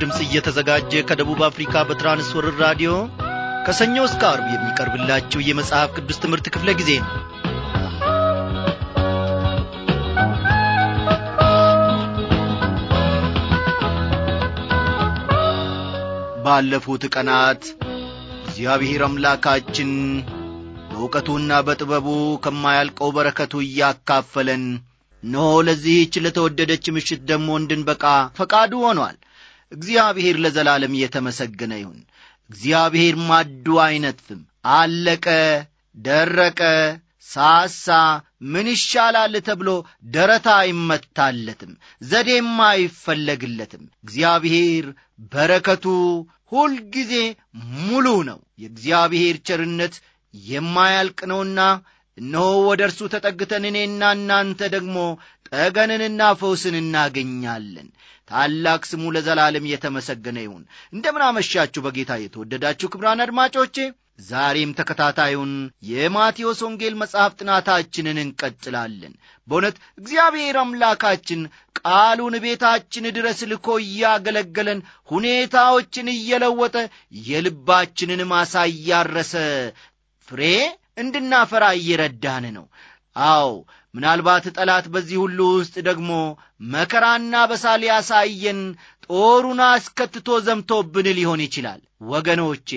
ድምፅ እየተዘጋጀ ከደቡብ አፍሪካ በትራንስወርር ራዲዮ ከሰኞ እስከ አርብ የሚቀርብላችሁ የመጽሐፍ ቅዱስ ትምህርት ክፍለ ጊዜ ነው ባለፉት ቀናት እግዚአብሔር አምላካችን በእውቀቱና በጥበቡ ከማያልቀው በረከቱ እያካፈለን ኖ ለዚህች ለተወደደች ምሽት ደግሞ እንድንበቃ ፈቃዱ ሆኗል እግዚአብሔር ለዘላለም እየተመሰገነ ይሁን። እግዚአብሔር ማዱ አይነትም። አለቀ፣ ደረቀ፣ ሳሳ፣ ምን ይሻላል ተብሎ ደረታ አይመታለትም፣ ዘዴም አይፈለግለትም። እግዚአብሔር በረከቱ ሁልጊዜ ሙሉ ነው። የእግዚአብሔር ቸርነት የማያልቅ ነውና እነሆ ወደ እርሱ ተጠግተን እኔና እናንተ ደግሞ ጠገንንና ፈውስን እናገኛለን። ታላቅ ስሙ ለዘላለም የተመሰገነ ይሁን። እንደምናመሻችሁ በጌታ የተወደዳችሁ ክብራን አድማጮቼ፣ ዛሬም ተከታታዩን የማቴዎስ ወንጌል መጽሐፍ ጥናታችንን እንቀጥላለን። በእውነት እግዚአብሔር አምላካችን ቃሉን ቤታችን ድረስ ልኮ እያገለገለን ሁኔታዎችን እየለወጠ የልባችንን ማሳ እያረሰ ፍሬ እንድናፈራ እየረዳን ነው። አዎ ምናልባት ጠላት በዚህ ሁሉ ውስጥ ደግሞ መከራና በሳል ያሳየን ጦሩን አስከትቶ ዘምቶብን ሊሆን ይችላል። ወገኖቼ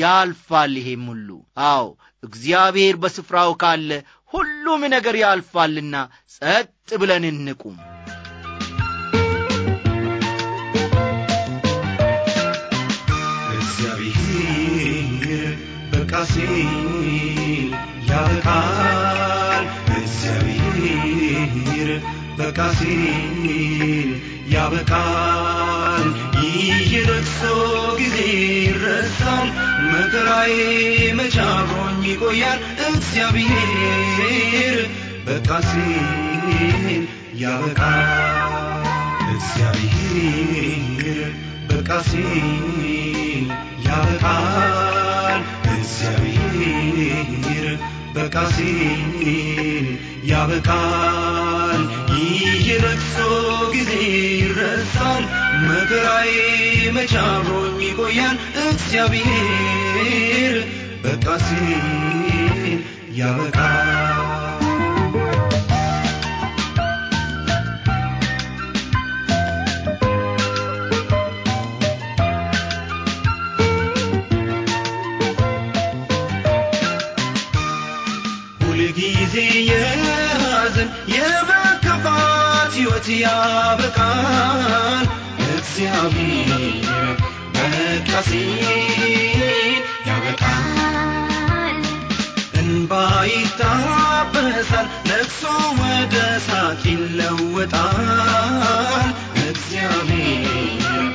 ያልፋል፣ ይሄም ሁሉ አዎ፣ እግዚአብሔር በስፍራው ካለ ሁሉም ነገር ያልፋልና ጸጥ ብለን እንቁም። እግዚአብሔር በቃሴ ያበቃ በቃ ሲል ያበቃል። ይህ የለቅሶ ጊዜ ይረሳል። መከራዬ መች ይቆያል? እግዚአብሔር በቃ ሲል ያበቃል። እግዚአብሔር በቃ ሲል ያበቃል። እግዚአብሔር በቃ ሲል ያበቃል። ይህ የለቅሶ ጊዜ ይረሳል፣ መከራዬ መች አብሮኝ ይቆያል? እግዚአብሔር በቃ ሲል ያበቃል። ለሕይወት ያበቃል እግዚአብሔር ያበቃል እንባ ይታበሳል ለቅሶ ወደ ሳቅ ይለወጣል እግዚአብሔር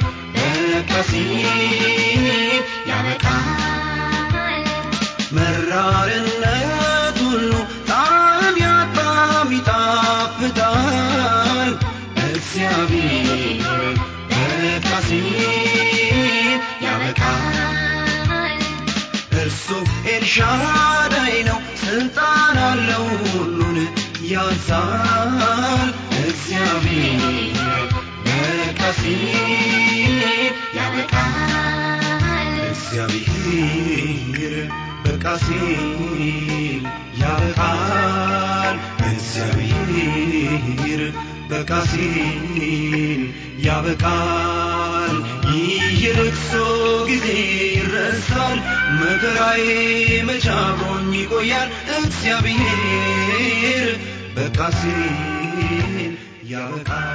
ተረካቢ በካሲ ያበቃል። እሱ ኤልሻዳይ ነው፣ ስልጣን አለው፣ ሁሉን ያንሳል። እግዚአብሔር በካሲ ያበቃል። እግዚአብሔር በቃሲል ያበቃል። እግዚአብሔር በቃሲን ያበቃል። ይህ የለቅሶ ጊዜ ይረሳል። መከራዬ መች ይቆያል? እግዚአብሔር በቃሲን ያበቃል።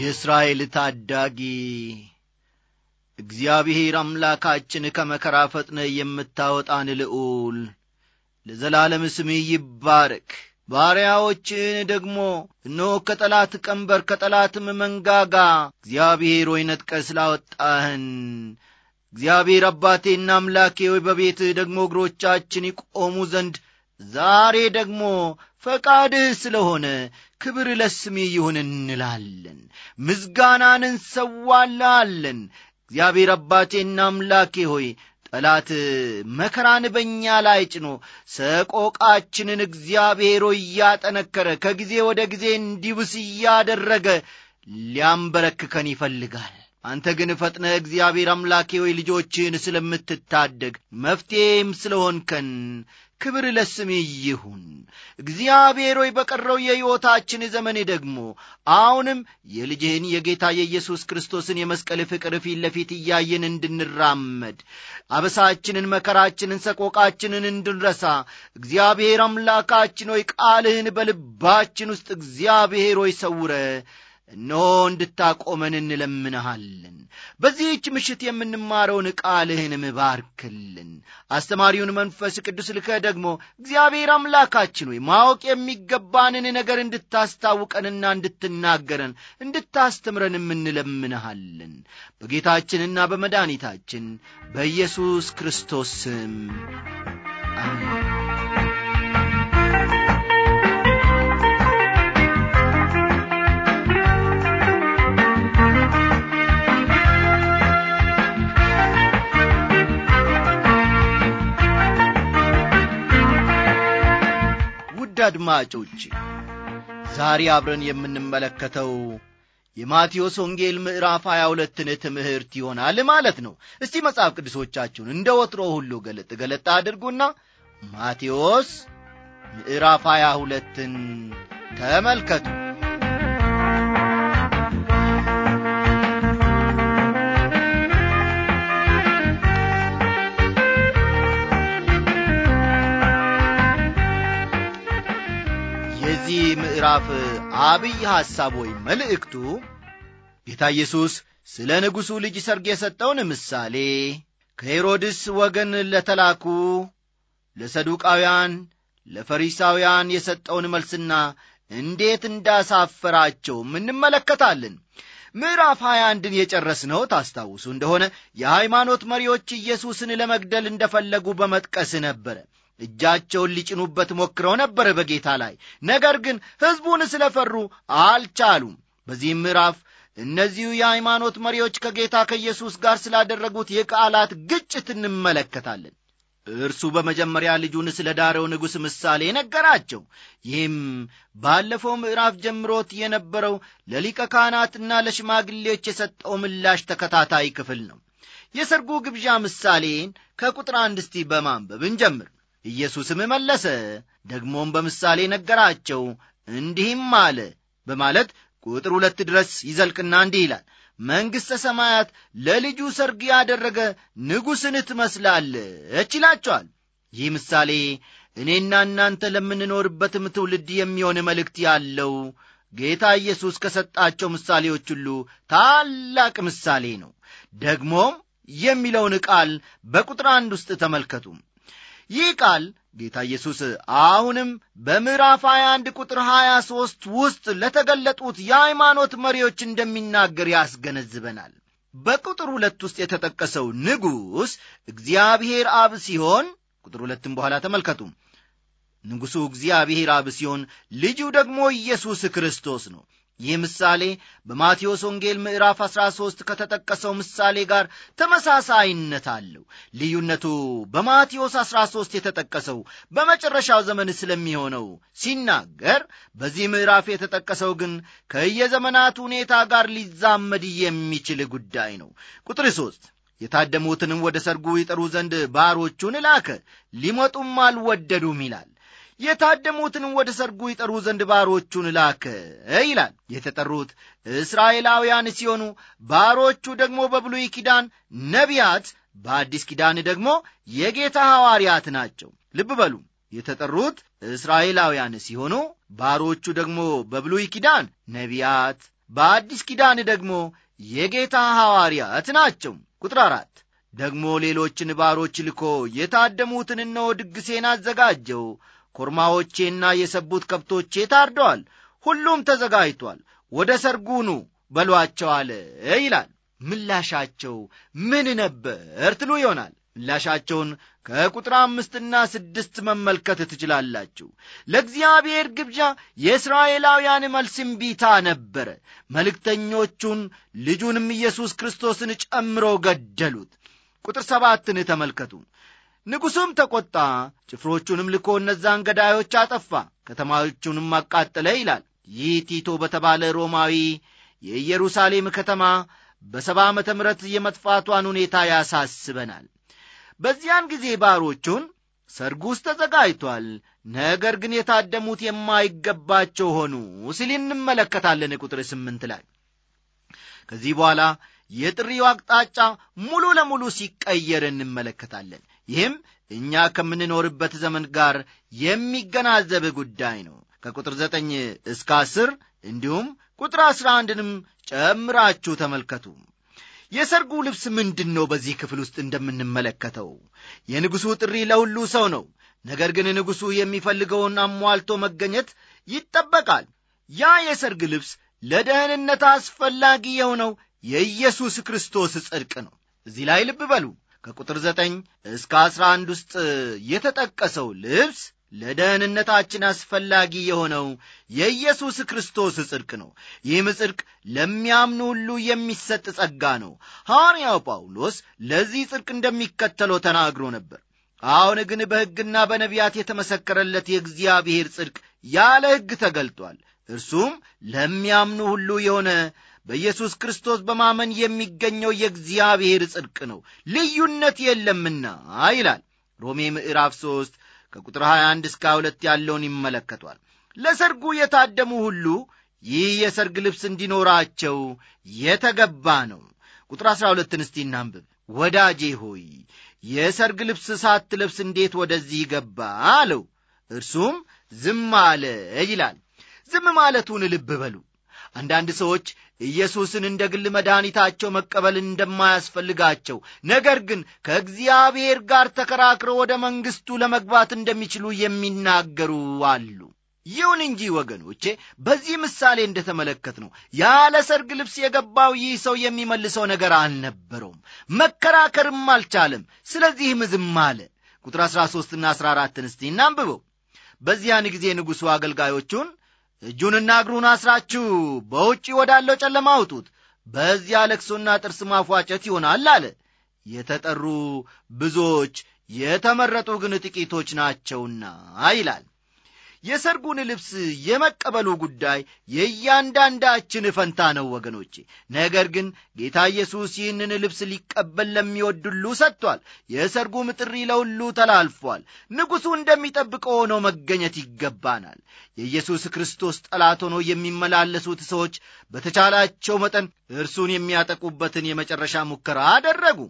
የእስራኤል ታዳጊ እግዚአብሔር አምላካችን ከመከራ ፈጥነ የምታወጣን ልዑል ለዘላለም ስም ይባረክ። ባሪያዎችን ደግሞ እነሆ ከጠላት ቀንበር ከጠላትም መንጋጋ እግዚአብሔር ወይ ነጥቀ ስላወጣህን እግዚአብሔር አባቴና አምላኬ ወይ በቤትህ ደግሞ እግሮቻችን ይቆሙ ዘንድ ዛሬ ደግሞ ፈቃድህ ስለሆነ ክብር ለስሜ ይሁን እንላለን። ምዝጋናን እንሰዋላለን እግዚአብሔር አባቴና አምላኬ ሆይ ጠላት መከራን በእኛ ላይ ጭኖ ሰቆቃችንን እግዚአብሔሮ እያጠነከረ ከጊዜ ወደ ጊዜ እንዲብስ እያደረገ ሊያንበረክከን ይፈልጋል። አንተ ግን ፈጥነ እግዚአብሔር አምላኬ ወይ ልጆችን ስለምትታደግ መፍትሔም ስለሆንከን ክብር ለስም ይሁን። እግዚአብሔር ሆይ በቀረው የሕይወታችን ዘመኔ ደግሞ አሁንም የልጅህን የጌታ የኢየሱስ ክርስቶስን የመስቀል ፍቅር ፊት ለፊት እያየን እንድንራመድ አበሳችንን፣ መከራችንን፣ ሰቆቃችንን እንድንረሳ እግዚአብሔር አምላካችን ሆይ ቃልህን በልባችን ውስጥ እግዚአብሔር ሆይ ሰውረ እነሆ እንድታቆመን እንለምንሃለን። በዚህች ምሽት የምንማረውን ቃልህንም ባርክልን። አስተማሪውን መንፈስ ቅዱስ ልከህ ደግሞ እግዚአብሔር አምላካችን ሆይ ማወቅ የሚገባንን ነገር እንድታስታውቀንና እንድትናገረን እንድታስተምረንም እንለምንሃለን። በጌታችንና በመድኃኒታችን በኢየሱስ ክርስቶስ ስም አሜን። ውድ አድማጮች ዛሬ አብረን የምንመለከተው የማቴዎስ ወንጌል ምዕራፍ 22ን ትምህርት ይሆናል ማለት ነው። እስቲ መጽሐፍ ቅዱሶቻችሁን እንደ ወትሮ ሁሉ ገለጥ ገለጥ አድርጉና ማቴዎስ ምዕራፍ 22ን ተመልከቱ። ምዕራፍ አብይ ሐሳብ ወይ መልእክቱ ጌታ ኢየሱስ ስለ ንጉሡ ልጅ ሰርግ የሰጠውን ምሳሌ ከሄሮድስ ወገን ለተላኩ ለሰዱቃውያን ለፈሪሳውያን የሰጠውን መልስና እንዴት እንዳሳፈራቸውም እንመለከታለን። ምዕራፍ አንድን የጨረስ ነው ታስታውሱ እንደሆነ የሃይማኖት መሪዎች ኢየሱስን ለመግደል እንደፈለጉ በመጥቀስ ነበረ። እጃቸውን ሊጭኑበት ሞክረው ነበር በጌታ ላይ ነገር ግን ሕዝቡን ስለ ፈሩ አልቻሉም በዚህም ምዕራፍ እነዚሁ የሃይማኖት መሪዎች ከጌታ ከኢየሱስ ጋር ስላደረጉት የቃላት ግጭት እንመለከታለን እርሱ በመጀመሪያ ልጁን ስለ ዳረው ንጉሥ ምሳሌ ነገራቸው ይህም ባለፈው ምዕራፍ ጀምሮት የነበረው ለሊቀ ካህናትና ለሽማግሌዎች የሰጠው ምላሽ ተከታታይ ክፍል ነው የሰርጉ ግብዣ ምሳሌን ከቁጥር አንድ እስቲ በማንበብ እንጀምር ኢየሱስም መለሰ፣ ደግሞም በምሳሌ ነገራቸው፣ እንዲህም አለ በማለት ቁጥር ሁለት ድረስ ይዘልቅና እንዲህ ይላል መንግሥተ ሰማያት ለልጁ ሰርግ ያደረገ ንጉሥን ትመስላለች ይላቸዋል። ይህ ምሳሌ እኔና እናንተ ለምንኖርበትም ትውልድ የሚሆን መልእክት ያለው ጌታ ኢየሱስ ከሰጣቸው ምሳሌዎች ሁሉ ታላቅ ምሳሌ ነው። ደግሞም የሚለውን ቃል በቁጥር አንድ ውስጥ ተመልከቱም ይህ ቃል ጌታ ኢየሱስ አሁንም በምዕራፍ 21 ቁጥር 23 ውስጥ ለተገለጡት የሃይማኖት መሪዎች እንደሚናገር ያስገነዝበናል። በቁጥር ሁለት ውስጥ የተጠቀሰው ንጉሥ እግዚአብሔር አብ ሲሆን ቁጥር ሁለትም በኋላ ተመልከቱ። ንጉሡ እግዚአብሔር አብ ሲሆን ልጁ ደግሞ ኢየሱስ ክርስቶስ ነው። ይህ ምሳሌ በማቴዎስ ወንጌል ምዕራፍ 13 ከተጠቀሰው ምሳሌ ጋር ተመሳሳይነት አለው። ልዩነቱ በማቴዎስ 13 የተጠቀሰው በመጨረሻው ዘመን ስለሚሆነው ሲናገር፣ በዚህ ምዕራፍ የተጠቀሰው ግን ከየዘመናት ሁኔታ ጋር ሊዛመድ የሚችል ጉዳይ ነው። ቁጥር 3 የታደሙትንም ወደ ሰርጉ ይጠሩ ዘንድ ባሮቹን ላከ፣ ሊመጡም አልወደዱም ይላል። የታደሙትን ወደ ሰርጉ ይጠሩ ዘንድ ባሮቹን ላከ ይላል። የተጠሩት እስራኤላውያን ሲሆኑ ባሮቹ ደግሞ በብሉይ ኪዳን ነቢያት፣ በአዲስ ኪዳን ደግሞ የጌታ ሐዋርያት ናቸው። ልብ በሉ የተጠሩት እስራኤላውያን ሲሆኑ ባሮቹ ደግሞ በብሉይ ኪዳን ነቢያት፣ በአዲስ ኪዳን ደግሞ የጌታ ሐዋርያት ናቸው። ቁጥር አራት ደግሞ ሌሎችን ባሮች ልኮ የታደሙትን እነሆ ድግሴን አዘጋጀው ኮርማዎቼና የሰቡት ከብቶቼ ታርደዋል፣ ሁሉም ተዘጋጅቷል፣ ወደ ሰርጉኑ በሏቸው አለ ይላል። ምላሻቸው ምን ነበር ትሉ ይሆናል። ምላሻቸውን ከቁጥር አምስትና ስድስት መመልከት ትችላላችሁ። ለእግዚአብሔር ግብዣ የእስራኤላውያን መልስ እምቢታ ነበረ። መልእክተኞቹን ልጁንም ኢየሱስ ክርስቶስን ጨምሮ ገደሉት። ቁጥር ሰባትን ተመልከቱ። ንጉሡም ተቈጣ፣ ጭፍሮቹንም ልኮ እነዛን ገዳዮች አጠፋ፣ ከተማዎቹንም አቃጠለ ይላል። ይህ ቲቶ በተባለ ሮማዊ የኢየሩሳሌም ከተማ በሰባ ዓመተ ምሕረት የመጥፋቷን ሁኔታ ያሳስበናል። በዚያን ጊዜ ባሮቹን ውስጥ ተዘጋጅቷል፣ ነገር ግን የታደሙት የማይገባቸው ሆኑ ሲል እንመለከታለን። ቁጥር ስምንት ላይ ከዚህ በኋላ የጥሪው አቅጣጫ ሙሉ ለሙሉ ሲቀየር እንመለከታለን። ይህም እኛ ከምንኖርበት ዘመን ጋር የሚገናዘብ ጉዳይ ነው። ከቁጥር ዘጠኝ እስከ አስር እንዲሁም ቁጥር አስራ አንድንም ጨምራችሁ ተመልከቱ። የሰርጉ ልብስ ምንድን ነው? በዚህ ክፍል ውስጥ እንደምንመለከተው የንጉሡ ጥሪ ለሁሉ ሰው ነው። ነገር ግን ንጉሡ የሚፈልገውን አሟልቶ መገኘት ይጠበቃል። ያ የሰርግ ልብስ ለደህንነት አስፈላጊ የሆነው የኢየሱስ ክርስቶስ ጽድቅ ነው። እዚህ ላይ ልብ በሉ። ከቁጥር ዘጠኝ እስከ አስራ አንድ ውስጥ የተጠቀሰው ልብስ ለደህንነታችን አስፈላጊ የሆነው የኢየሱስ ክርስቶስ ጽድቅ ነው። ይህም ጽድቅ ለሚያምኑ ሁሉ የሚሰጥ ጸጋ ነው። ሐዋርያው ጳውሎስ ለዚህ ጽድቅ እንደሚከተለው ተናግሮ ነበር። አሁን ግን በሕግና በነቢያት የተመሰከረለት የእግዚአብሔር ጽድቅ ያለ ሕግ ተገልጧል። እርሱም ለሚያምኑ ሁሉ የሆነ በኢየሱስ ክርስቶስ በማመን የሚገኘው የእግዚአብሔር ጽድቅ ነው፣ ልዩነት የለምና ይላል ሮሜ ምዕራፍ 3 ከቁጥር 21 እስከ 2 ያለውን ይመለከቷል። ለሰርጉ የታደሙ ሁሉ ይህ የሰርግ ልብስ እንዲኖራቸው የተገባ ነው። ቁጥር 12 እስቲ እናንብብ። ወዳጄ ሆይ የሰርግ ልብስ ልብስ እንዴት ወደዚህ ገባ አለው። እርሱም ዝም አለ ይላል። ዝም ማለቱን ልብ በሉ። አንዳንድ ሰዎች ኢየሱስን እንደ ግል መድኃኒታቸው መቀበል እንደማያስፈልጋቸው ነገር ግን ከእግዚአብሔር ጋር ተከራክረው ወደ መንግሥቱ ለመግባት እንደሚችሉ የሚናገሩ አሉ። ይሁን እንጂ ወገኖቼ በዚህ ምሳሌ ተመለከት ነው ያለ ሰርግ ልብስ የገባው ይህ ሰው የሚመልሰው ነገር አልነበረውም። መከራከርም አልቻለም። ስለዚህም ዝም አለ። ቁጥር 13ና 14ን እስቲ እናንብበው። በዚያን ጊዜ ንጉሡ አገልጋዮቹን እጁንና እግሩን አስራችሁ በውጪ ወዳለው ጨለማ አውጡት፣ በዚያ ለቅሶና ጥርስ ማፏጨት ይሆናል አለ። የተጠሩ ብዙዎች የተመረጡ ግን ጥቂቶች ናቸውና ይላል። የሰርጉን ልብስ የመቀበሉ ጉዳይ የእያንዳንዳችን ፈንታ ነው ወገኖቼ። ነገር ግን ጌታ ኢየሱስ ይህንን ልብስ ሊቀበል ለሚወድ ሰጥቷል። የሰርጉም ጥሪ ለሁሉ ተላልፏል። ንጉሡ እንደሚጠብቀው ሆኖ መገኘት ይገባናል። የኢየሱስ ክርስቶስ ጠላት ሆኖ የሚመላለሱት ሰዎች በተቻላቸው መጠን እርሱን የሚያጠቁበትን የመጨረሻ ሙከራ አደረጉ።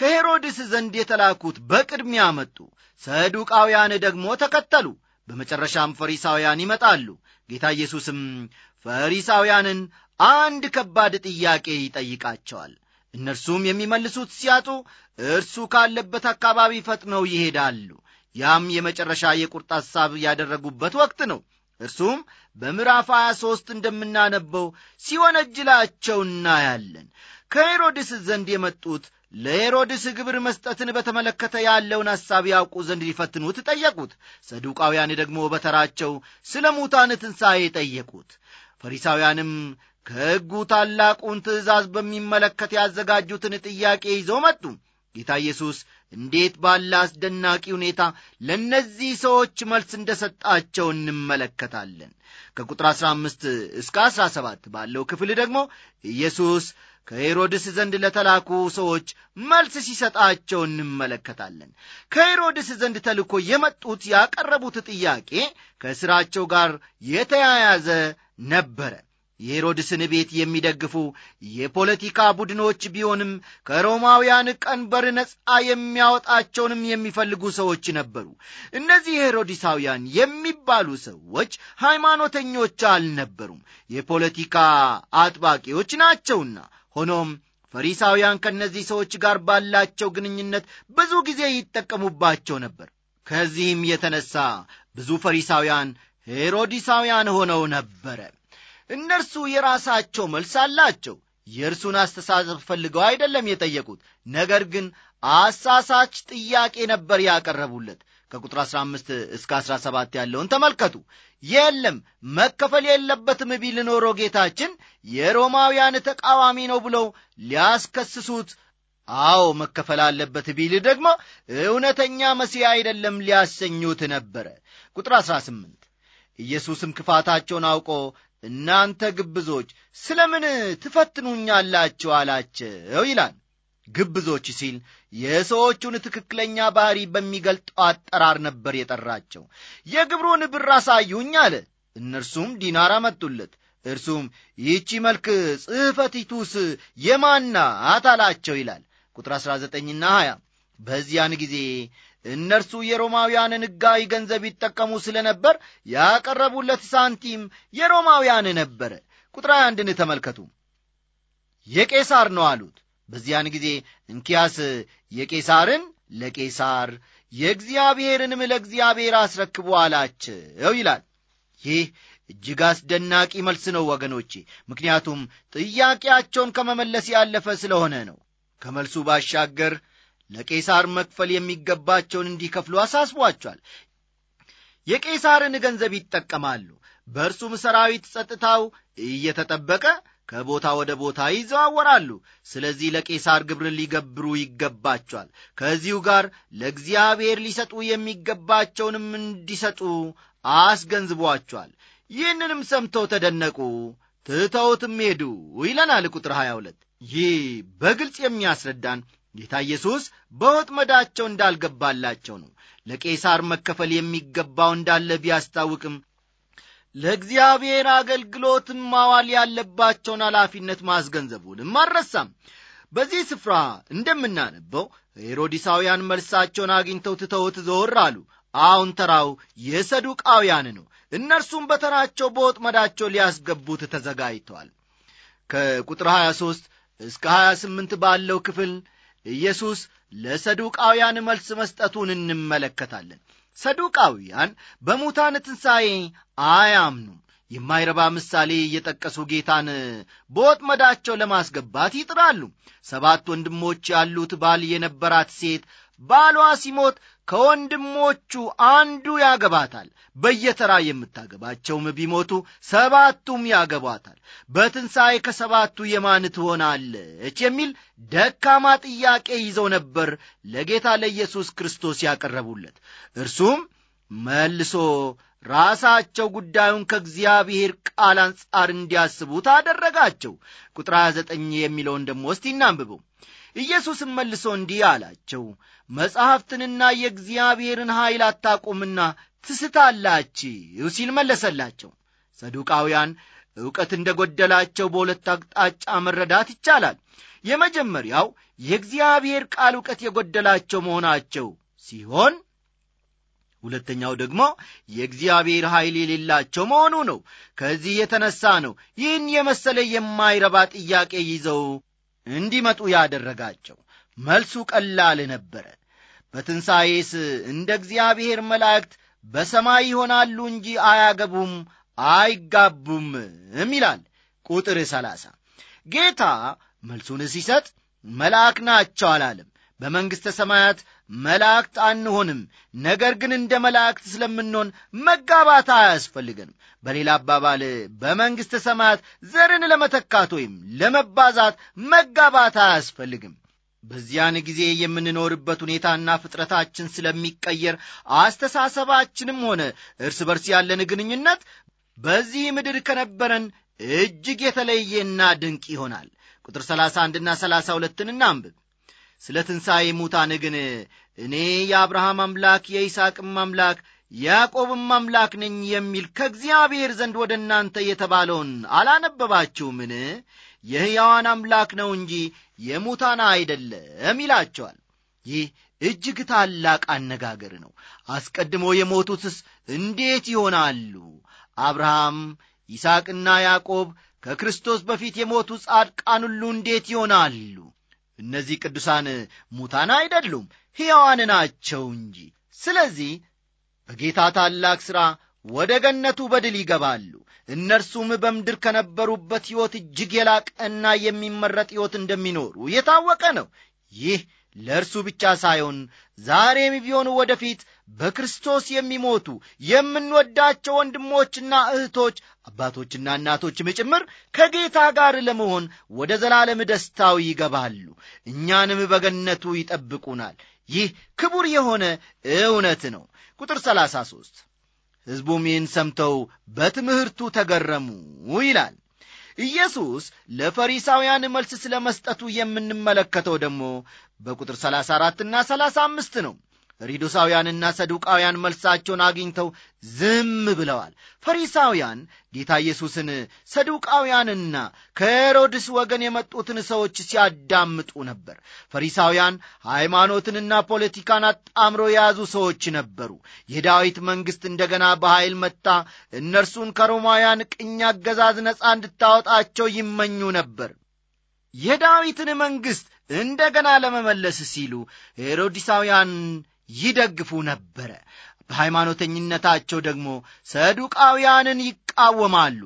ከሄሮድስ ዘንድ የተላኩት በቅድሚያ መጡ፣ ሰዱቃውያን ደግሞ ተከተሉ። በመጨረሻም ፈሪሳውያን ይመጣሉ ጌታ ኢየሱስም ፈሪሳውያንን አንድ ከባድ ጥያቄ ይጠይቃቸዋል እነርሱም የሚመልሱት ሲያጡ እርሱ ካለበት አካባቢ ፈጥነው ይሄዳሉ ያም የመጨረሻ የቁርጥ ሐሳብ ያደረጉበት ወቅት ነው እርሱም በምዕራፍ 23 እንደምናነበው ሲወነጅላቸው እናያለን ከሄሮድስ ዘንድ የመጡት ለሄሮድስ ግብር መስጠትን በተመለከተ ያለውን ሐሳብ ያውቁ ዘንድ ሊፈትኑት ጠየቁት። ሰዱቃውያን ደግሞ በተራቸው ስለ ሙታን ትንሣኤ ጠየቁት። ፈሪሳውያንም ከሕጉ ታላቁን ትእዛዝ በሚመለከት ያዘጋጁትን ጥያቄ ይዘው መጡ። ጌታ ኢየሱስ እንዴት ባለ አስደናቂ ሁኔታ ለእነዚህ ሰዎች መልስ እንደ ሰጣቸው እንመለከታለን። ከቁጥር 15 እስከ 17 ባለው ክፍል ደግሞ ኢየሱስ ከሄሮድስ ዘንድ ለተላኩ ሰዎች መልስ ሲሰጣቸው እንመለከታለን። ከሄሮድስ ዘንድ ተልኮ የመጡት ያቀረቡት ጥያቄ ከሥራቸው ጋር የተያያዘ ነበረ። የሄሮድስን ቤት የሚደግፉ የፖለቲካ ቡድኖች ቢሆንም ከሮማውያን ቀንበር ነጻ የሚያወጣቸውንም የሚፈልጉ ሰዎች ነበሩ። እነዚህ ሄሮዲሳውያን የሚባሉ ሰዎች ሃይማኖተኞች አልነበሩም፣ የፖለቲካ አጥባቂዎች ናቸውና ሆኖም ፈሪሳውያን ከእነዚህ ሰዎች ጋር ባላቸው ግንኙነት ብዙ ጊዜ ይጠቀሙባቸው ነበር። ከዚህም የተነሳ ብዙ ፈሪሳውያን ሄሮዲሳውያን ሆነው ነበረ። እነርሱ የራሳቸው መልስ አላቸው። የእርሱን አስተሳሰብ ፈልገው አይደለም የጠየቁት፣ ነገር ግን አሳሳች ጥያቄ ነበር ያቀረቡለት። ከቁጥር 15 እስከ 17 ያለውን ተመልከቱ። የለም መከፈል የለበትም ቢል ኖሮ ጌታችን የሮማውያን ተቃዋሚ ነው ብለው ሊያስከስሱት፣ አዎ መከፈል አለበት ቢል ደግሞ እውነተኛ መሲህ አይደለም ሊያሰኙት ነበረ። ቁጥር 18 ኢየሱስም ክፋታቸውን አውቆ እናንተ ግብዞች ስለ ምን ትፈትኑኛላችሁ አላቸው ይላል። ግብዞች ሲል የሰዎቹን ትክክለኛ ባሕሪ በሚገልጠው አጠራር ነበር የጠራቸው። የግብሩን ብር አሳዩኝ አለ። እነርሱም ዲናር አመጡለት። እርሱም ይህቺ መልክ ጽሕፈቲቱስ የማናት አላቸው ይላል ቁጥር 19ና 20 በዚያን ጊዜ እነርሱ የሮማውያንን ሕጋዊ ገንዘብ ይጠቀሙ ስለ ነበር ያቀረቡለት ሳንቲም የሮማውያን ነበረ። ቁጥር አንድን ተመልከቱ። የቄሳር ነው አሉት። በዚያን ጊዜ እንኪያስ የቄሳርን ለቄሳር የእግዚአብሔርንም ለእግዚአብሔር አስረክቡ አላቸው ይላል። ይህ እጅግ አስደናቂ መልስ ነው ወገኖቼ፣ ምክንያቱም ጥያቄያቸውን ከመመለስ ያለፈ ስለሆነ ነው። ከመልሱ ባሻገር ለቄሳር መክፈል የሚገባቸውን እንዲከፍሉ አሳስቧቸዋል። የቄሳርን ገንዘብ ይጠቀማሉ፣ በእርሱም ሰራዊት ጸጥታው እየተጠበቀ ከቦታ ወደ ቦታ ይዘዋወራሉ። ስለዚህ ለቄሳር ግብር ሊገብሩ ይገባቸዋል። ከዚሁ ጋር ለእግዚአብሔር ሊሰጡ የሚገባቸውንም እንዲሰጡ አስገንዝቧቸዋል። ይህንንም ሰምተው ተደነቁ፣ ትተውትም ሄዱ ይለናል ቁጥር 22። ይህ በግልጽ የሚያስረዳን ጌታ ኢየሱስ በወጥመዳቸው እንዳልገባላቸው ነው። ለቄሳር መከፈል የሚገባው እንዳለ ቢያስታውቅም ለእግዚአብሔር አገልግሎትን ማዋል ያለባቸውን ኃላፊነት ማስገንዘቡንም አልረሳም። በዚህ ስፍራ እንደምናነበው ሄሮዲሳውያን መልሳቸውን አግኝተው ትተውት ዘወር አሉ። አሁን ተራው የሰዱቃውያን ነው። እነርሱም በተራቸው በወጥመዳቸው ሊያስገቡት ተዘጋጅተዋል። ከቁጥር 23 እስከ 28 ባለው ክፍል ኢየሱስ ለሰዱቃውያን መልስ መስጠቱን እንመለከታለን። ሰዱቃውያን በሙታን ትንሣኤ አያምኑም። የማይረባ ምሳሌ እየጠቀሱ ጌታን በወጥመዳቸው ለማስገባት ይጥራሉ። ሰባት ወንድሞች ያሉት ባል የነበራት ሴት ባሏ ሲሞት ከወንድሞቹ አንዱ ያገባታል። በየተራ የምታገባቸውም ቢሞቱ ሰባቱም ያገቧታል። በትንሣኤ ከሰባቱ የማን ትሆናለች የሚል ደካማ ጥያቄ ይዘው ነበር ለጌታ ለኢየሱስ ክርስቶስ ያቀረቡለት። እርሱም መልሶ ራሳቸው ጉዳዩን ከእግዚአብሔር ቃል አንጻር እንዲያስቡት አደረጋቸው። ቁጥር 29 የሚለውን ደሞ እስቲ እናንብበው። ኢየሱስም መልሶ እንዲህ አላቸው፣ መጽሐፍትንና የእግዚአብሔርን ኀይል አታቁምና ትስታላችሁ ሲል መለሰላቸው። ሰዱቃውያን ዕውቀት እንደ ጐደላቸው በሁለት አቅጣጫ መረዳት ይቻላል። የመጀመሪያው የእግዚአብሔር ቃል ዕውቀት የጎደላቸው መሆናቸው ሲሆን ሁለተኛው ደግሞ የእግዚአብሔር ኃይል የሌላቸው መሆኑ ነው። ከዚህ የተነሳ ነው ይህን የመሰለ የማይረባ ጥያቄ ይዘው እንዲመጡ ያደረጋቸው። መልሱ ቀላል ነበረ። በትንሣኤስ እንደ እግዚአብሔር መላእክት በሰማይ ይሆናሉ እንጂ አያገቡም፣ አይጋቡም ይላል ቁጥር ሰላሳ ጌታ መልሱን ሲሰጥ መልአክ ናቸው አላለም። በመንግሥተ ሰማያት መላእክት አንሆንም፣ ነገር ግን እንደ መላእክት ስለምንሆን መጋባት አያስፈልገንም። በሌላ አባባል በመንግሥተ ሰማያት ዘርን ለመተካት ወይም ለመባዛት መጋባት አያስፈልግም። በዚያን ጊዜ የምንኖርበት ሁኔታና ፍጥረታችን ስለሚቀየር አስተሳሰባችንም ሆነ እርስ በርስ ያለን ግንኙነት በዚህ ምድር ከነበረን እጅግ የተለየና ድንቅ ይሆናል። ቁጥር 31ና 32ን እናንብብ። ስለ ትንሣኤ ሙታን ግን እኔ የአብርሃም አምላክ የይስቅም አምላክ ያዕቆብም አምላክ ነኝ የሚል ከእግዚአብሔር ዘንድ ወደ እናንተ የተባለውን አላነበባችሁምን? የሕያዋን አምላክ ነው እንጂ የሙታን አይደለም ይላቸዋል። ይህ እጅግ ታላቅ አነጋገር ነው። አስቀድሞ የሞቱትስ እንዴት ይሆናሉ? አብርሃም፣ ይስቅና ያዕቆብ ከክርስቶስ በፊት የሞቱ ጻድቃን ሁሉ እንዴት ይሆናሉ? እነዚህ ቅዱሳን ሙታን አይደሉም፣ ሕያዋን ናቸው እንጂ። ስለዚህ በጌታ ታላቅ ሥራ ወደ ገነቱ በድል ይገባሉ። እነርሱም በምድር ከነበሩበት ሕይወት እጅግ የላቀና የሚመረጥ ሕይወት እንደሚኖሩ የታወቀ ነው። ይህ ለእርሱ ብቻ ሳይሆን ዛሬም ቢሆን ወደፊት በክርስቶስ የሚሞቱ የምንወዳቸው ወንድሞችና እህቶች አባቶችና እናቶችም ጭምር ከጌታ ጋር ለመሆን ወደ ዘላለም ደስታው ይገባሉ፣ እኛንም በገነቱ ይጠብቁናል። ይህ ክቡር የሆነ እውነት ነው። ቁጥር 33 ሕዝቡም ይህን ሰምተው በትምህርቱ ተገረሙ ይላል። ኢየሱስ ለፈሪሳውያን መልስ ስለ መስጠቱ የምንመለከተው ደግሞ በቁጥር 34 እና 35 ነው። ፈሪዶሳውያንና ሰዱቃውያን መልሳቸውን አግኝተው ዝም ብለዋል። ፈሪሳውያን ጌታ ኢየሱስን ሰዱቃውያንና ከሄሮድስ ወገን የመጡትን ሰዎች ሲያዳምጡ ነበር። ፈሪሳውያን ሃይማኖትንና ፖለቲካን አጣምሮ የያዙ ሰዎች ነበሩ። የዳዊት መንግሥት እንደገና በኃይል መጣ፣ እነርሱን ከሮማውያን ቅኝ አገዛዝ ነፃ እንድታወጣቸው ይመኙ ነበር። የዳዊትን መንግሥት እንደገና ለመመለስ ሲሉ ሄሮዲሳውያን ይደግፉ ነበረ። በሃይማኖተኝነታቸው ደግሞ ሰዱቃውያንን ይቃወማሉ።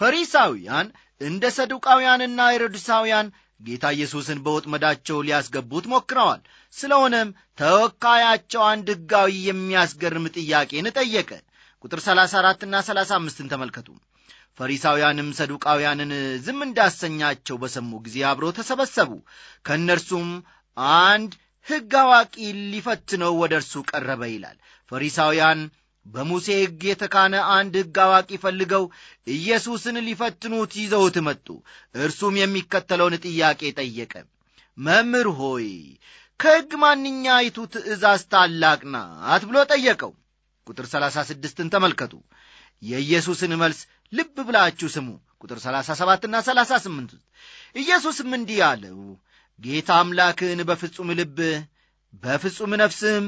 ፈሪሳውያን እንደ ሰዱቃውያንና ሄሮድሳውያን ጌታ ኢየሱስን በወጥመዳቸው ሊያስገቡት ሞክረዋል። ስለሆነም ተወካያቸው አንድ ሕጋዊ የሚያስገርም ጥያቄን ጠየቀ። ቁጥር 34ና 35ን ተመልከቱ። ፈሪሳውያንም ሰዱቃውያንን ዝም እንዳሰኛቸው በሰሙ ጊዜ አብረው ተሰበሰቡ። ከእነርሱም አንድ ሕግ አዋቂ ሊፈትነው ወደ እርሱ ቀረበ ይላል። ፈሪሳውያን በሙሴ ሕግ የተካነ አንድ ሕግ አዋቂ ፈልገው ኢየሱስን ሊፈትኑት ይዘውት መጡ። እርሱም የሚከተለውን ጥያቄ ጠየቀ። መምህር ሆይ ከሕግ ማንኛይቱ ትእዛዝ ታላቅ ናት ብሎ ጠየቀው። ቁጥር 36ን ተመልከቱ። የኢየሱስን መልስ ልብ ብላችሁ ስሙ። ቁጥር 37ና 38 ኢየሱስም እንዲህ አለው፣ ጌታ አምላክህን በፍጹም ልብህ በፍጹም ነፍስህም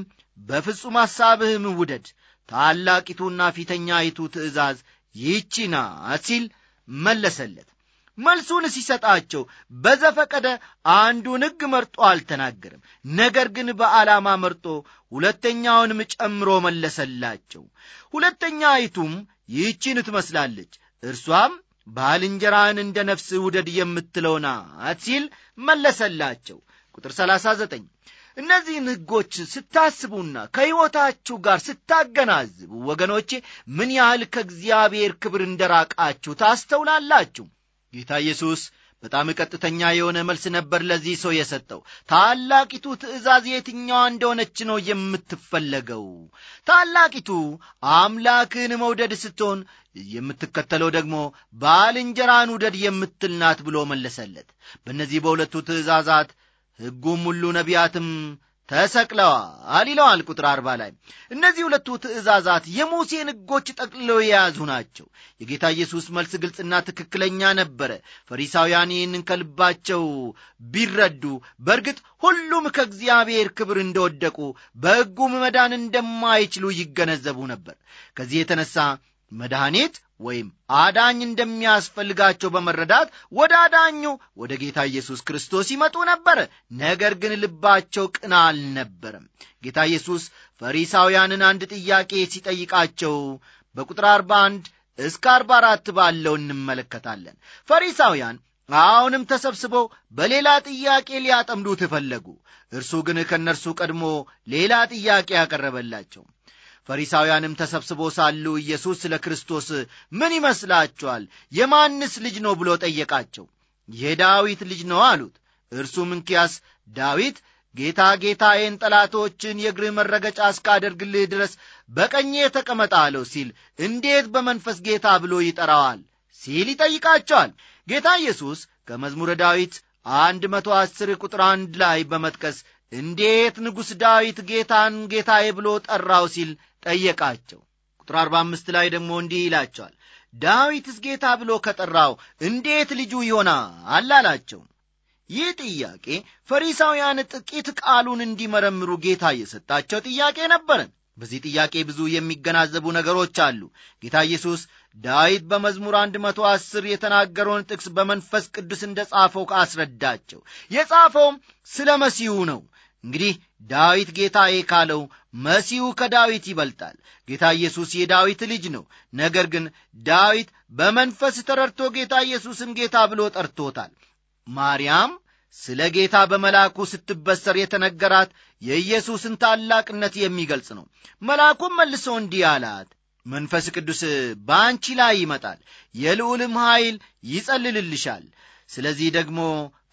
በፍጹም ሐሳብህም ውደድ ታላቂቱና ፊተኛይቱ ትእዛዝ ይቺ ናት ሲል መለሰለት። መልሱን ሲሰጣቸው በዘፈቀደ አንዱን ሕግ መርጦ አልተናገርም። ነገር ግን በዓላማ መርጦ ሁለተኛውንም ጨምሮ መለሰላቸው። ሁለተኛይቱም ይቺን ትመስላለች። እርሷም ባልንጀራህን እንደ ነፍስ ውደድ የምትለው ናት ሲል መለሰላቸው። ቁጥር 39 እነዚህን ሕጎች ስታስቡና ከሕይወታችሁ ጋር ስታገናዝቡ ወገኖቼ ምን ያህል ከእግዚአብሔር ክብር እንደራቃችሁ ታስተውላላችሁ። ጌታ ኢየሱስ በጣም ቀጥተኛ የሆነ መልስ ነበር ለዚህ ሰው የሰጠው። ታላቂቱ ትእዛዝ የትኛዋ እንደሆነች ነው የምትፈለገው። ታላቂቱ አምላክን መውደድ ስትሆን የምትከተለው ደግሞ ባልንጀራን ውደድ የምትል ናት ብሎ መለሰለት። በእነዚህ በሁለቱ ትእዛዛት ሕጉም ሁሉ ነቢያትም ተሰቅለዋል ይለዋል። ቁጥር አርባ ላይ እነዚህ ሁለቱ ትእዛዛት የሙሴን ሕጎች ጠቅልለው የያዙ ናቸው። የጌታ ኢየሱስ መልስ ግልጽና ትክክለኛ ነበረ። ፈሪሳውያን ይህንን ከልባቸው ቢረዱ በእርግጥ ሁሉም ከእግዚአብሔር ክብር እንደወደቁ በሕጉም መዳን እንደማይችሉ ይገነዘቡ ነበር። ከዚህ የተነሳ መድኃኒት ወይም አዳኝ እንደሚያስፈልጋቸው በመረዳት ወደ አዳኙ ወደ ጌታ ኢየሱስ ክርስቶስ ይመጡ ነበር። ነገር ግን ልባቸው ቅን አልነበረም። ጌታ ኢየሱስ ፈሪሳውያንን አንድ ጥያቄ ሲጠይቃቸው በቁጥር 41 እስከ 44 ባለው እንመለከታለን። ፈሪሳውያን አሁንም ተሰብስበው በሌላ ጥያቄ ሊያጠምዱት ፈለጉ። እርሱ ግን ከእነርሱ ቀድሞ ሌላ ጥያቄ ያቀረበላቸው ፈሪሳውያንም ተሰብስቦ ሳሉ ኢየሱስ ስለ ክርስቶስ ምን ይመስላችኋል? የማንስ ልጅ ነው ብሎ ጠየቃቸው። የዳዊት ልጅ ነው አሉት። እርሱም እንኪያስ ዳዊት ጌታ ጌታዬን ጠላቶችን የእግርህ መረገጫ እስካደርግልህ ድረስ በቀኜ ተቀመጥ አለው ሲል እንዴት በመንፈስ ጌታ ብሎ ይጠራዋል ሲል ይጠይቃቸዋል። ጌታ ኢየሱስ ከመዝሙረ ዳዊት አንድ መቶ አስር ቁጥር አንድ ላይ በመጥቀስ እንዴት ንጉሥ ዳዊት ጌታን ጌታዬ ብሎ ጠራው ሲል ጠየቃቸው። ቁጥር 45 ላይ ደግሞ እንዲህ ይላቸዋል ዳዊትስ ጌታ ብሎ ከጠራው እንዴት ልጁ ይሆናል አላቸው። ይህ ጥያቄ ፈሪሳውያን ጥቂት ቃሉን እንዲመረምሩ ጌታ የሰጣቸው ጥያቄ ነበረ። በዚህ ጥያቄ ብዙ የሚገናዘቡ ነገሮች አሉ። ጌታ ኢየሱስ ዳዊት በመዝሙር አንድ መቶ አስር የተናገረውን ጥቅስ በመንፈስ ቅዱስ እንደ ጻፈው አስረዳቸው። የጻፈውም ስለ መሲሁ ነው። እንግዲህ ዳዊት ጌታዬ ካለው መሲሁ ከዳዊት ይበልጣል። ጌታ ኢየሱስ የዳዊት ልጅ ነው። ነገር ግን ዳዊት በመንፈስ ተረድቶ ጌታ ኢየሱስን ጌታ ብሎ ጠርቶታል። ማርያም ስለ ጌታ በመልአኩ ስትበሰር የተነገራት የኢየሱስን ታላቅነት የሚገልጽ ነው። መልአኩም መልሶ እንዲህ አላት፣ መንፈስ ቅዱስ በአንቺ ላይ ይመጣል፣ የልዑልም ኃይል ይጸልልልሻል። ስለዚህ ደግሞ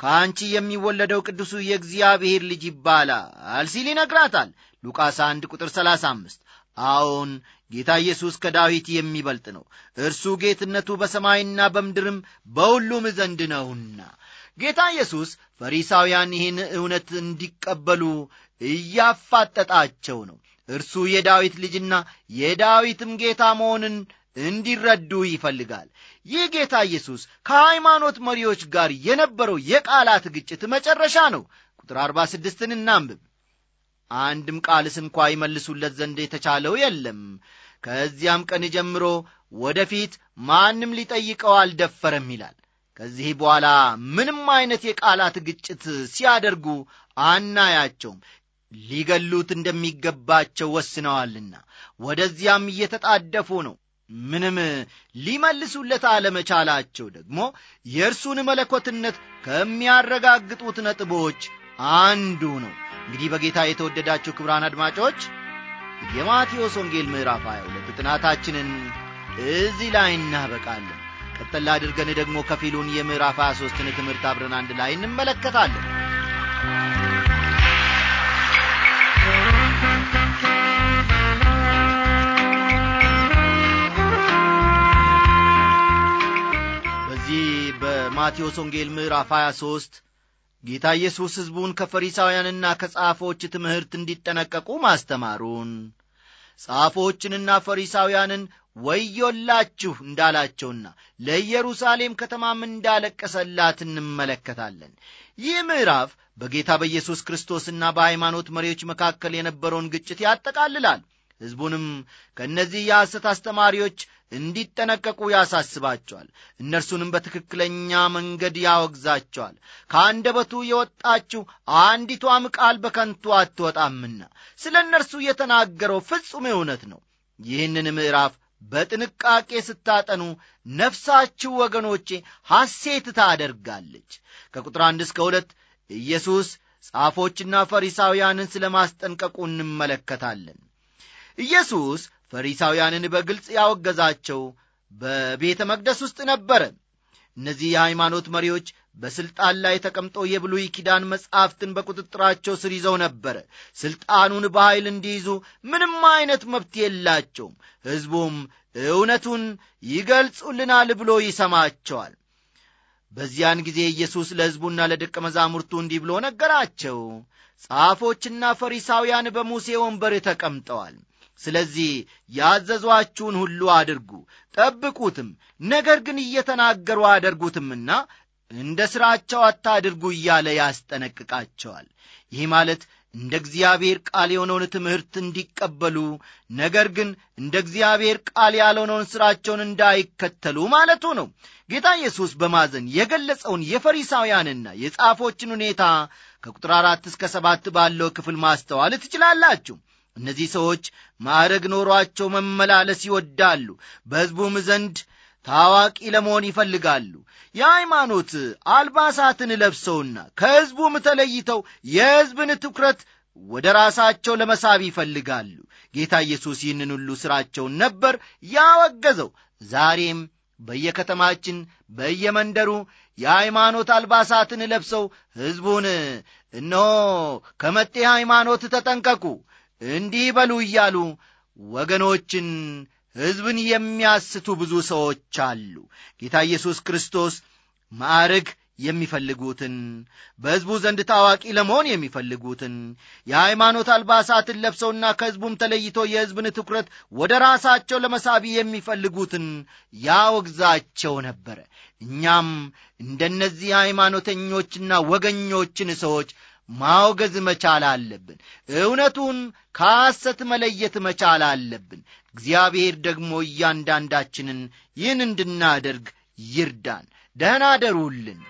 ከአንቺ የሚወለደው ቅዱሱ የእግዚአብሔር ልጅ ይባላል ሲል ይነግራታል። ሉቃስ 1 ቁጥር 35 አዎን ጌታ ኢየሱስ ከዳዊት የሚበልጥ ነው፣ እርሱ ጌትነቱ በሰማይና በምድርም በሁሉም ዘንድ ነውና። ጌታ ኢየሱስ ፈሪሳውያን ይህን እውነት እንዲቀበሉ እያፋጠጣቸው ነው። እርሱ የዳዊት ልጅና የዳዊትም ጌታ መሆንን እንዲረዱ ይፈልጋል። ይህ ጌታ ኢየሱስ ከሃይማኖት መሪዎች ጋር የነበረው የቃላት ግጭት መጨረሻ ነው። ቁጥር 46 ስድስትን እናንብብ። አንድም ቃልስ እንኳ ይመልሱለት ዘንድ የተቻለው የለም። ከዚያም ቀን ጀምሮ ወደፊት ማንም ሊጠይቀው አልደፈረም ይላል። ከዚህ በኋላ ምንም አይነት የቃላት ግጭት ሲያደርጉ አናያቸውም። ሊገሉት እንደሚገባቸው ወስነዋልና ወደዚያም እየተጣደፉ ነው። ምንም ሊመልሱለት አለመቻላቸው ደግሞ የእርሱን መለኮትነት ከሚያረጋግጡት ነጥቦች አንዱ ነው እንግዲህ በጌታ የተወደዳችሁ ክብራን አድማጮች የማቴዎስ ወንጌል ምዕራፍ 22 ጥናታችንን እዚህ ላይ እናበቃለን ቀጠላ አድርገን ደግሞ ከፊሉን የምዕራፍ 23ን ትምህርት አብረን አንድ ላይ እንመለከታለን ማቴዎስ ወንጌል ምዕራፍ 23 ጌታ ኢየሱስ ሕዝቡን ከፈሪሳውያንና ከጻፎች ትምህርት እንዲጠነቀቁ ማስተማሩን ጻፎችንና ፈሪሳውያንን ወዮላችሁ እንዳላቸውና ለኢየሩሳሌም ከተማም እንዳለቀሰላት እንመለከታለን። ይህ ምዕራፍ በጌታ በኢየሱስ ክርስቶስና በሃይማኖት መሪዎች መካከል የነበረውን ግጭት ያጠቃልላል። ሕዝቡንም ከእነዚህ የሐሰት አስተማሪዎች እንዲጠነቀቁ ያሳስባቸዋል። እነርሱንም በትክክለኛ መንገድ ያወግዛቸዋል። ከአንደበቱ የወጣችው አንዲቷም ቃል በከንቱ አትወጣምና ስለ እነርሱ የተናገረው ፍጹም እውነት ነው። ይህንን ምዕራፍ በጥንቃቄ ስታጠኑ ነፍሳችሁ ወገኖቼ ሐሴት ታደርጋለች። ከቁጥር አንድ እስከ ሁለት ኢየሱስ ጻፎችና ፈሪሳውያንን ስለ ማስጠንቀቁ እንመለከታለን። ኢየሱስ ፈሪሳውያንን በግልጽ ያወገዛቸው በቤተ መቅደስ ውስጥ ነበረ። እነዚህ የሃይማኖት መሪዎች በሥልጣን ላይ ተቀምጠው የብሉይ ኪዳን መጻሕፍትን በቁጥጥራቸው ስር ይዘው ነበረ። ሥልጣኑን በኃይል እንዲይዙ ምንም አይነት መብት የላቸውም። ሕዝቡም እውነቱን ይገልጹልናል ብሎ ይሰማቸዋል። በዚያን ጊዜ ኢየሱስ ለሕዝቡና ለደቀ መዛሙርቱ እንዲህ ብሎ ነገራቸው። ጻፎችና ፈሪሳውያን በሙሴ ወንበር ተቀምጠዋል ስለዚህ ያዘዟችሁን ሁሉ አድርጉ ጠብቁትም ነገር ግን እየተናገሩ አደርጉትምና እንደ ሥራቸው አታድርጉ እያለ ያስጠነቅቃቸዋል ይህ ማለት እንደ እግዚአብሔር ቃል የሆነውን ትምህርት እንዲቀበሉ ነገር ግን እንደ እግዚአብሔር ቃል ያልሆነውን ሥራቸውን እንዳይከተሉ ማለቱ ነው ጌታ ኢየሱስ በማዘን የገለጸውን የፈሪሳውያንና የጻፎችን ሁኔታ ከቁጥር አራት እስከ ሰባት ባለው ክፍል ማስተዋል ትችላላችሁ እነዚህ ሰዎች ማዕረግ ኖሯቸው መመላለስ ይወዳሉ፣ በሕዝቡም ዘንድ ታዋቂ ለመሆን ይፈልጋሉ። የሃይማኖት አልባሳትን ለብሰውና ከሕዝቡም ተለይተው የሕዝብን ትኩረት ወደ ራሳቸው ለመሳብ ይፈልጋሉ። ጌታ ኢየሱስ ይህንን ሁሉ ሥራቸውን ነበር ያወገዘው። ዛሬም በየከተማችን በየመንደሩ የሃይማኖት አልባሳትን ለብሰው ሕዝቡን እነሆ ከመጤ ሃይማኖት ተጠንቀቁ እንዲህ በሉ እያሉ ወገኖችን፣ ሕዝብን የሚያስቱ ብዙ ሰዎች አሉ። ጌታ ኢየሱስ ክርስቶስ ማዕርግ የሚፈልጉትን በሕዝቡ ዘንድ ታዋቂ ለመሆን የሚፈልጉትን የሃይማኖት አልባሳትን ለብሰውና ከሕዝቡም ተለይቶ የሕዝብን ትኩረት ወደ ራሳቸው ለመሳቢ የሚፈልጉትን ያወግዛቸው ነበረ። እኛም እንደነዚህ ሃይማኖተኞችና ወገኞችን ሰዎች ማውገዝ መቻል አለብን። እውነቱን ከሐሰት መለየት መቻል አለብን። እግዚአብሔር ደግሞ እያንዳንዳችንን ይህን እንድናደርግ ይርዳን። ደህና አደሩልን።